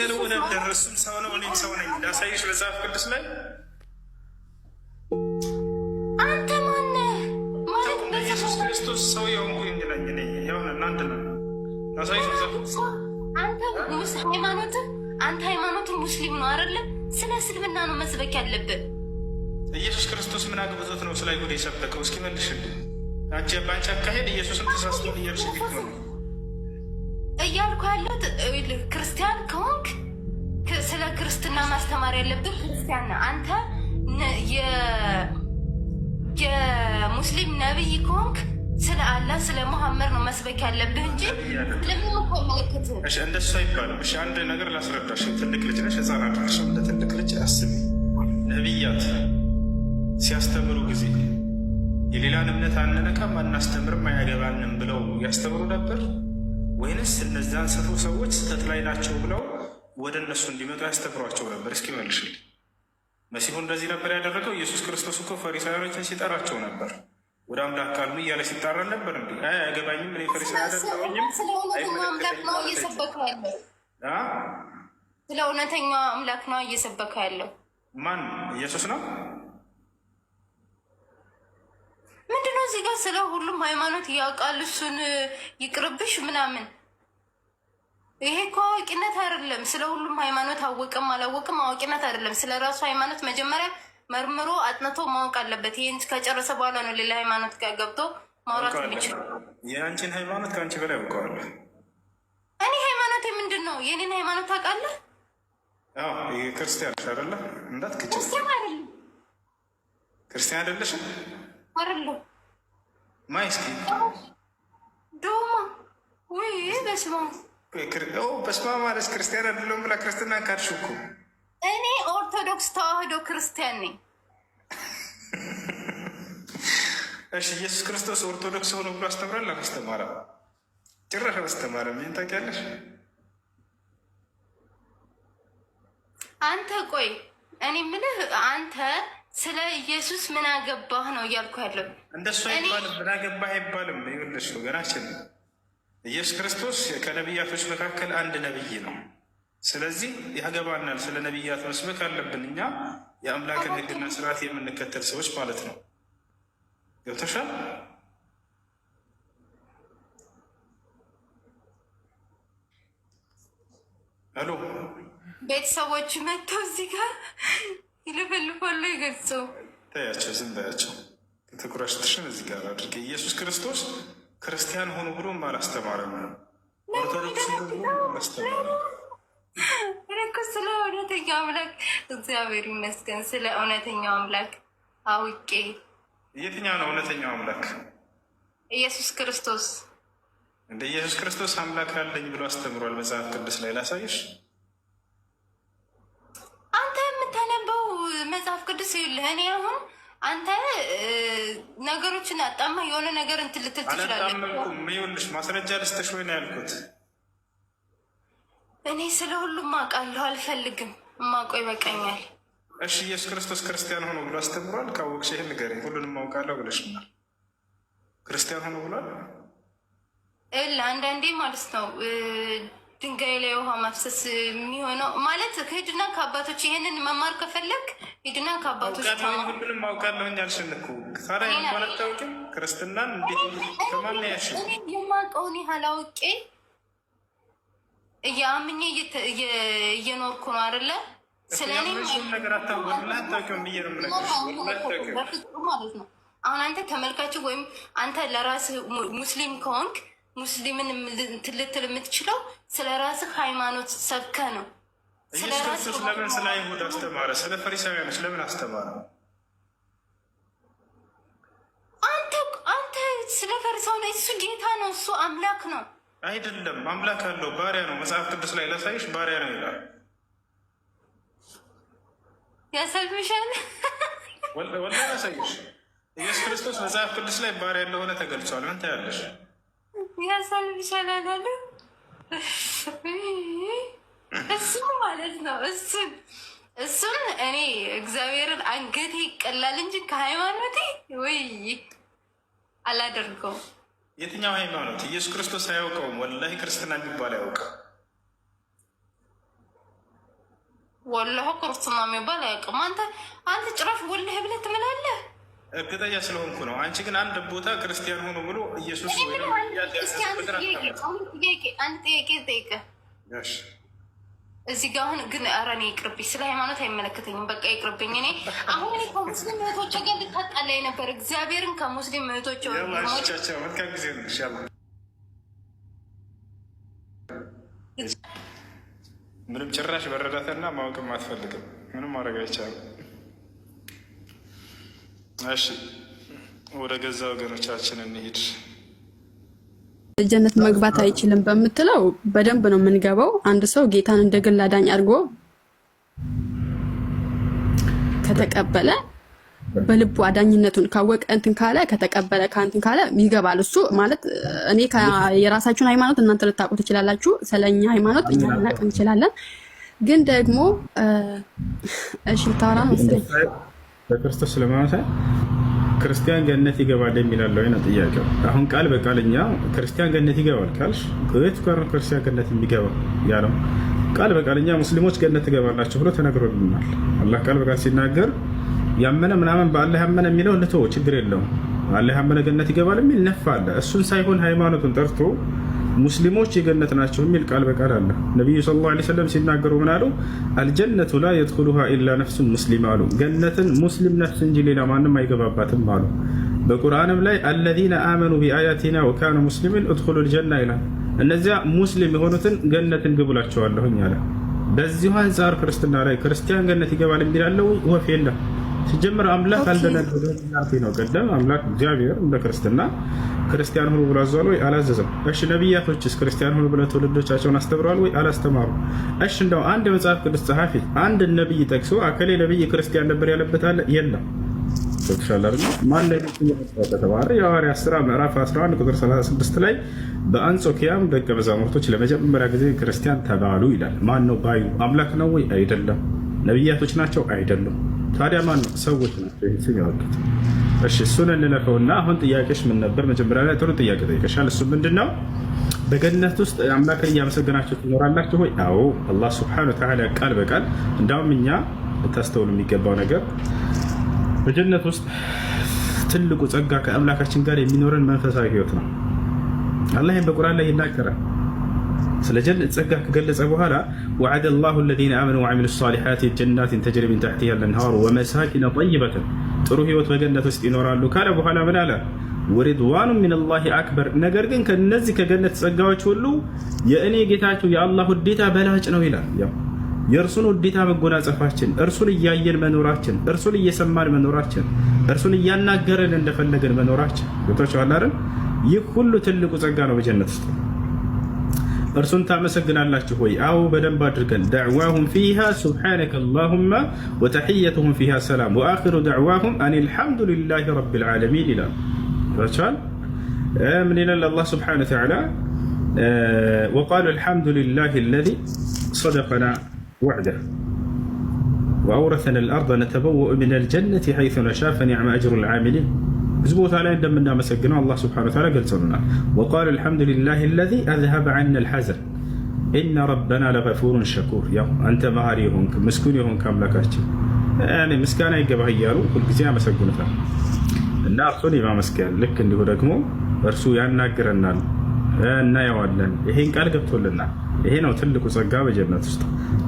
ተለወጠ ነበር። እሱም ሰው ነው፣ እኔም ሰው ነኝ። ላሳይሽ መጽሐፍ ቅዱስ ላይ አንተ ማነህ ማለት ክርስቶስ ሰው የሆንኩኝ ነኝ እኔ የሆነ እናንተ ነው። ላሳይሽ መጽሐፍ ቅዱስ አንተ ሃይማኖት አንተ ሃይማኖትን ሙስሊም ነው አይደለም። ስለ እስልምና ነው መስበክ ያለብን። ኢየሱስ ክርስቶስ ምን አግብቶት ነው ስለ አይሁድ የሰበከው? እስኪ መልሽልኝ። አንቺ በአንቺ አካሄድ ኢየሱስን ተሳስቶ ኢየሩሳሌም ነው እያልኩ ያለው ክርስቲያን ከሆንክ ስለ ክርስትና ማስተማር ያለብህ ክርስቲያን ነው። አንተ የሙስሊም ነብይ ከሆንክ ስለ አላህ ስለ መሐመድ ነው መስበክ ያለብህ እንጂ ለምን እኮ ምልክት እንደሱ አይባልም። እሺ አንድ ነገር ላስረዳሽ። ትልቅ ልጅ ነሽ፣ ህፃን አድርሽ። እንደ ትልቅ ልጅ አስቢ። ነቢያት ሲያስተምሩ ጊዜ የሌላን እምነት አንነካም፣ አናስተምርም፣ አያገባንም ብለው ያስተምሩ ነበር። ወይንስ እነዚያን ስፉ ሰዎች ስህተት ላይ ናቸው ብለው ወደ እነሱ እንዲመጡ ያስተምሯቸው ነበር? እስኪ መልሽልኝ። መሲሁ እንደዚህ ነበር ያደረገው። ኢየሱስ ክርስቶስ እኮ ፈሪሳውያኖችን ሲጠራቸው ነበር። ወደ አምላክ ካሉ እያለ ሲጣራ ነበር። እንዲ አያገባኝም፣ እኔ ፈሪሳዊ አደረገኝም። ስለ እውነተኛው አምላክ ነው እየሰበከ ያለው። ማን? ኢየሱስ ነው። እዚህ ጋር ስለ ሁሉም ሃይማኖት ያውቃል፣ እሱን ይቅርብሽ ምናምን። ይሄ እኮ አዋቂነት አይደለም። ስለ ሁሉም ሃይማኖት አወቅም አላወቅም አዋቂነት አይደለም። ስለ ራሱ ሃይማኖት መጀመሪያ መርምሮ አጥንቶ ማወቅ አለበት። ይህን ከጨረሰ በኋላ ነው ሌላ ሃይማኖት ጋር ገብቶ ማውራት የሚችል። የአንቺን ሃይማኖት ከአንቺ በላይ ያውቀዋል። እኔ። ሃይማኖት የምንድን ነው? የኔን ሃይማኖት ታውቃለህ? ክርስቲያን አይደለ? እንዳት ክርስቲያን አይደለም። ክርስቲያን አይደለሽም? አይደለም ማይስኪ ዶማ ወይ በስማ በስማ ማለት ክርስቲያን አይደለም ብላ ክርስትና ካድሽ እኮ። እኔ ኦርቶዶክስ ተዋህዶ ክርስቲያን ነኝ። እሺ ኢየሱስ ክርስቶስ ኦርቶዶክስ ሆኖ ብሎ አስተምራል? አላስተማረም። ጭራሽ አላስተማረም። ይህን ታውቂያለሽ? አንተ ቆይ እኔ ምልህ አንተ ስለ ኢየሱስ ምን አገባህ ነው እያልኩ ያለው። እንደሱ አይባልም፣ ምን አገባህ አይባልም። ይኸውልሽ ወገናችን ኢየሱስ ክርስቶስ ከነቢያቶች መካከል አንድ ነቢይ ነው። ስለዚህ ያገባናል። ስለ ነቢያት መስበክ አለብን እኛ የአምላክን ሕግና ስርዓት የምንከተል ሰዎች ማለት ነው። ገብቶሻል? አሎ ቤተሰቦች መጥተው እዚህ ጋር ሁሉ ይገልጸው። ታያቸው ዝም በያቸው። ትኩረትሽን እዚህ ጋር አድርገ ኢየሱስ ክርስቶስ ክርስቲያን ሆኑ ብሎ አላስተማረም ነው። ኦርቶዶክስ ስለ እውነተኛው አምላክ እግዚአብሔር ይመስገን፣ ስለ እውነተኛው አምላክ አውቄ። የትኛው ነው እውነተኛው አምላክ? ኢየሱስ ክርስቶስ። እንደ ኢየሱስ ክርስቶስ አምላክ አለኝ ብሎ አስተምሯል መጽሐፍ ቅዱስ ላይ ላሳይሽ። መጽሐፍ ቅዱስ ይኸውልህ፣ እኔ አሁን አንተ ነገሮችን አጣማ የሆነ ነገር እንትን ልትል ትችላለህ። ይኸውልሽ ማስረጃ ልስጥሽ ወይ ነው ያልኩት። እኔ ስለ ሁሉም አውቃለሁ፣ አልፈልግም። እማውቀው ይበቃኛል። እሺ ኢየሱስ ክርስቶስ ክርስቲያን ሆኖ ብሎ አስተምሯል? ካወቅሽ ይህን ንገረኝ። ሁሉንም አውቃለሁ ብለሽናል። ክርስቲያን ሆኖ ብሏል? አንዳንዴ ማለት ነው ድንጋይ ላይ ውሃ ማፍሰስ የሚሆነው ማለት ከሄድና ከአባቶች ይሄንን መማር ከፈለግ ሄድና ከአባቶች ሁሉንም አውቃለሁ። አልሽን እኮ ታዲያ እንኳን አታውቂም ክርስትናን እንዴት ከማን ያሽ የማውቀውን ያህል አውቄ እያምኜ እየኖርኩ ነው አይደለ? ስለኔም ነገር አታውቅም ማለት ነው። አሁን አንተ ተመልካች ወይም አንተ ለራስህ ሙስሊም ከሆንክ ሙስሊምን ትልትል የምትችለው ስለ ራስህ ሃይማኖት ሰብከ ነው። ኢየሱስ ክርስቶስ ለምን ስለ አይሁድ አስተማረ? ስለ ፈሪሳውያኖች ለምን አስተማረ? አንተ ስለ ፈሪሳውያን እሱ ጌታ ነው፣ እሱ አምላክ ነው። አይደለም አምላክ አለው ባሪያ ነው። መጽሐፍ ቅዱስ ላይ ላሳይሽ፣ ባሪያ ነው ይላል። ያሳይሻል፣ ወላ ላሳይሽ። ኢየሱስ ክርስቶስ መጽሐፍ ቅዱስ ላይ ባሪያ እንደሆነ ተገልጿል። ምን ታያለሽ? ያሳልፍ አለ እሱ ማለት ነው። እሱን እሱን እኔ እግዚአብሔርን አንገቴ ይቀላል እንጂ ከሃይማኖቴ ወይ አላደርገውም። የትኛው ሃይማኖት? ኢየሱስ ክርስቶስ አያውቀውም። ወላሂ ክርስትና የሚባል አያውቅም። ወላሂ ክርስትና የሚባል አያውቅም። አንተ አንተ ጭራሽ ወላሂ ብለህ ትምላለህ። እርግጠኛ ስለሆንኩ ነው። አንቺ ግን አንድ ቦታ ክርስቲያን ሆኖ ብሎ ኢየሱስ አንድ ጥያቄ ጠይቀ እዚህ ጋ አሁን ግን ኧረ እኔ ይቅርብኝ፣ ስለ ሃይማኖት አይመለከተኝም። በቃ ይቅርብኝ። እኔ አሁን እኔ ከሙስሊም እህቶች ጋር ልታጣላይ ነበር። እግዚአብሔርን ከሙስሊም እህቶች ምንም ጭራሽ መረዳትና ማወቅም አትፈልግም። ምንም ማድረግ አይቻልም። እሺ ወደ ገዛ ወገኖቻችን እንሂድ። ጀነት መግባት አይችልም በምትለው በደንብ ነው የምንገባው። አንድ ሰው ጌታን እንደ ግል አዳኝ አድርጎ ከተቀበለ በልቡ አዳኝነቱን ካወቀ እንትን ካለ ከተቀበለ ከእንትን ካለ ይገባል። እሱ ማለት እኔ የራሳችሁን ሃይማኖት እናንተ ልታውቁ ትችላላችሁ። ስለኛ ሃይማኖት እኛ ልናቅ እንችላለን። ግን ደግሞ እሺ ልታወራ መሰለኝ በክርስቶስ ስለማመሰ ክርስቲያን ገነት ይገባል የሚላለ ወይ ነው ጥያቄው። አሁን ቃል በቃል እኛ ክርስቲያን ገነት ይገባል ካልሽ የት ጋር ክርስቲያን ገነት የሚገባ ያለው? ቃል በቃል እኛ ሙስሊሞች ገነት ትገባላችሁ ብሎ ተነግሮልናል። አላህ ቃል በቃል ሲናገር ያመነ ምናምን በአላህ ያመነ የሚለው ልቶ ችግር የለውም አላህ ያመነ ገነት ይገባል የሚል ነፍ አለ። እሱን ሳይሆን ሃይማኖቱን ጠርቶ ሙስሊሞች የገነት ናቸው የሚል ቃል በቃል አለ። ነቢዩ ሰለላሁ ዓለይሂ ወሰለም ሲናገሩ ምን አሉ? አልጀነቱ ላ የድኩሉሃ ኢላ ነፍሱን ሙስሊም አሉ። ገነትን ሙስሊም ነፍስ እንጂ ሌላ ማንም አይገባባትም አሉ። በቁርአንም ላይ አለዚነ አመኑ ቢአያቲና ወካኑ ሙስሊሚን እድኩሉ ልጀና ይላል። እነዚያ ሙስሊም የሆኑትን ገነትን ግቡላቸዋለሁኝ አለ። በዚሁ አንጻር ክርስትና ላይ ክርስቲያን ገነት ይገባል የሚላለው ወፍ የለም። ሲጀምር አምላክ አልደነገገ ነው። ቀደም አምላክ እግዚአብሔር እንደ ክርስትና ክርስቲያን ሁኑ ብሎ አዟል ወይ? አላዘዘም። እሺ ነቢያቶችስ ክርስቲያን ሁኑ ብለ ትውልዶቻቸውን አስተምረዋል ወይ? አላስተማሩ። እሺ እንደው አንድ መጽሐፍ ቅዱስ ጸሐፊ አንድ ነቢይ ጠቅሶ አከሌ ነቢይ ክርስቲያን ነበር ያለበት አለ? የለም። ከተባለ የሐዋርያት ሥራ ምዕራፍ 11 ቁጥር 36 ላይ በአንጾኪያም ደቀ መዛሙርቶች ለመጀመሪያ ጊዜ ክርስቲያን ተባሉ ይላል። ማን ነው ባዩ? አምላክ ነው ወይ? አይደለም ነቢያቶች ናቸው አይደሉም? ታዲያ ማን ነው? ሰዎች ናቸው ስም ያወጡት። እሺ እሱን እንለፈውና አሁን ጥያቄሽ ምን ነበር? መጀመሪያ ላይ ጥሩ ጥያቄ ጠይቀሻል። እሱ ምንድን ነው? በገነት ውስጥ አምላክን እያመሰገናቸው ትኖራላችሁ ወይ? አዎ አላህ ስብሐነ ወተዓላ ቃል በቃል እንዳውም እኛ ልታስተውሉ የሚገባው ነገር በጀነት ውስጥ ትልቁ ጸጋ ከአምላካችን ጋር የሚኖረን መንፈሳዊ ህይወት ነው። አላህ ይህን በቁርአን ላይ ይናገራል። ስለ ጀነት ጸጋ ከገለጸ በኋላ ወዐደ ላሁ ለዚነ አመኑ ወዐሚሉ ሷሊሓት ጀናትን ተጅሪ ሚን ተሕቲሃ አልአንሃር ወመሳኪነ ጠይበተን ጥሩ ህይወት በገነት ውስጥ ይኖራሉ ካለ በኋላ ምን አለ? ወሪድዋኑ ሚነላሂ አክበር። ነገር ግን ከነዚህ ከገነት ጸጋዎች ሁሉ የእኔ ጌታችሁ የአላህ ውዴታ በላጭ ነው ይላል። የእርሱን ውዴታ መጎናጸፋችን፣ እርሱን እያየን መኖራችን፣ እርሱን እየሰማን መኖራችን፣ እርሱን እያናገረን እንደፈለገን መኖራችን ቶቸኋላርን ይህ ሁሉ ትልቁ ጸጋ ነው በጀነት ውስጥ እርሱን ታመሰግናላችሁ ወይ? አዎ በደንብ አድርገን። ደዕዋሁም ፊሃ ሱብሓነከ አላሁማ ወተሕየቱሁም ፊሃ ሰላም ወአኺሩ ደዕዋሁም አን አልሐምዱሊላሂ ረቢል ዓለሚን ይላል። ቸዋል ምን ይላል አላህ ሱብሓነሁ ወተዓላ ወቃሉ አልሐምዱሊላሂ አለዚ ሰደቀና ወዕደህ ወአውረሰና አልአርደ ነተበወኡ ሚነል ጀነቲ ሐይሱ ነሻእ ፈኒዕመ አጅሩል ዓሚሊን ብዙ ቦታ ላይ እንደምናመሰግነው አላህ ስብሐነሁ ወተዓላ ገልጸውናል። ወቃሉ አልሐምዱሊላሂ አለዚ አዝሀበ ዐና አልሐዘን ኢነ ረበና ለገፉሩን ሸኩር። ያው አንተ መሀሪ የሆንክ ምስጉን የሆንክ አምላካችን ምስጋና ይገባህ እያሉ ሁልጊዜ ያመሰግኑታል እና እርሱን የማመስገን ልክ እንዲሁ ደግሞ እርሱ ያናግረናል እናየዋለን። ይሄን ቃል ገብቶልናል። ይሄ ነው ትልቁ ጸጋ በጀነት ውስጥ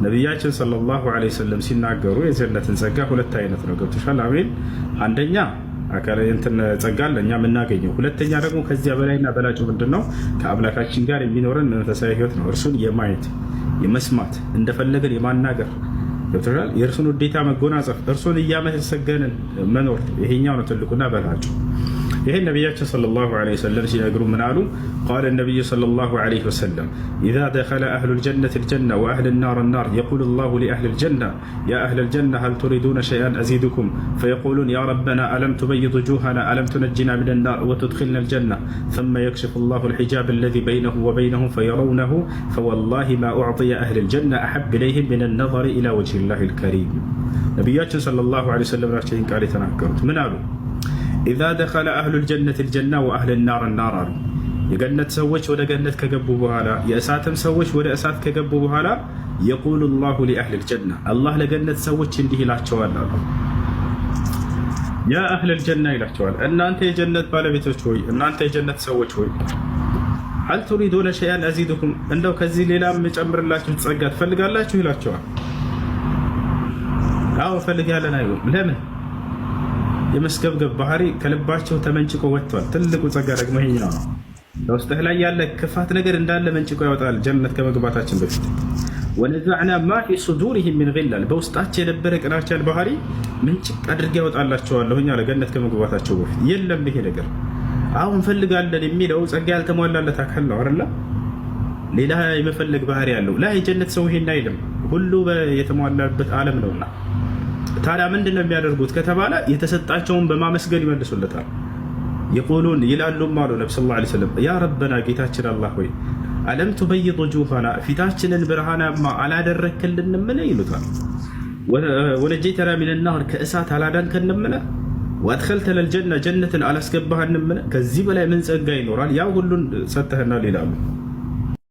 ነቢያችን ሰለላሁ ዐለይሂ ወሰለም ሲናገሩ የጀነትን ጸጋ ሁለት አይነት ነው። ገብቶሻል? አሜን። አንደኛ እንትን ጸጋ እኛ የምናገኘው። ሁለተኛ ደግሞ ከዚያ በላይና በላጭ ምንድን ነው? ከአምላካችን ጋር የሚኖረን መንፈሳዊ ህይወት ነው። እርሱን የማየት የመስማት እንደፈለገን የማናገር ገብቶሻል። የእርሱን ውዴታ መጎናጸፍ፣ እርሱን እያመሰገንን መኖር። ይሄኛው ነው ትልቁና በላጩ ይሄን ነቢያችን ሰለላሁ ዐለይሂ ወሰለም ሲነግሩ ምን አሉ? ቃለ ነቢዩ ሰለላሁ ዐለይሂ ወሰለም ኢዛ ደኸለ አህሉል ጀነቲል ጀነ ወአህሉን ናሪን ናር የቁሉ ላሁ ሊአህሊል ጀነ ያ አህለል ጀነ ሀል ቱሪዱነ ሸይአን አዚድኩም ፈየቁሉን ያ ረበና አለም ቱበይድ ውጁሀና አለም ቱነጂና ሚነን ናር ወቱድኺልነል ጀነ ثم يكشف الله الحجاب الذي بينه وبينهم فيرونه فوالله ما أعطي أهل الجنة أحب إليهم من النظر إلى وجه الله الكريم ነቢያችን ሰለላሁ ዐለይሂ ወሰለም ናቸው ይህን ቃል የተናገሩት ምን አሉ? ኢዛ ደኸለ አህሉል ጀነት ልጀና ወአህል ናር ናር አሉ። የገነት ሰዎች ወደ ገነት ከገቡ በኋላ የእሳትም ሰዎች ወደ እሳት ከገቡ በኋላ የቁሉ ላሁ ሊአህል ልጀና አላህ ለገነት ሰዎች እንዲህ ይላቸዋል አሉ። ያ አህል ልጀና ይላቸዋል፣ እናንተ የጀነት ባለቤቶች ሆይ፣ እናንተ የጀነት ሰዎች ሆይ ሀል ቱሪዱነ ሸያን አዚድኩም፣ እንደው ከዚህ ሌላ የምጨምርላችሁ ጸጋ ትፈልጋላችሁ ይላቸዋል። አዎ ፈልጋለን። አይሆን ለምን የመስገብገብ ባህሪ ከልባቸው ተመንጭቆ ወጥቷል። ትልቁ ጸጋ ደግሞ ይሄኛው ነው። በውስጥህ ላይ ያለ ክፋት ነገር እንዳለ መንጭቆ ያወጣል። ጀነት ከመግባታችን በፊት ወነዛዕና ማ ፊ ሱዱሪሂም ሚን ጊላል በውስጣቸው የነበረ ቅናቻል ባህሪ ምንጭቅ አድርጌ ያወጣላቸዋለሁ አለ። ገነት ከመግባታቸው በፊት የለም ይሄ ነገር። አሁን ፈልጋለን የሚለው ጸጋ ያልተሟላለት አካል ነው አይደለ? ሌላ የመፈለግ ባህሪ ያለው ላይ የጀነት ሰው ይሄን አይልም። ሁሉ የተሟላበት አለም ነውና ታዲያ ምንድን ነው የሚያደርጉት ከተባለ የተሰጣቸውን በማመስገን ይመልሱለታል። የቁሉን ይላሉም አሉ ነብ ስ ላ ስለም ያ ረበና ጌታችን አላህ ሆይ አለም ቱበይጥ ጁሃና ፊታችንን ብርሃናማ አላደረክልንምለ ይሉታል። ወነጀይተና ሚንናር ከእሳት አላዳንከንምለ ወአድኸልተነ ጀነትን አላስገባህንምለ ከዚህ በላይ ምን ጸጋ ይኖራል? ያ ሁሉን ሰጥተህናል ይላሉ።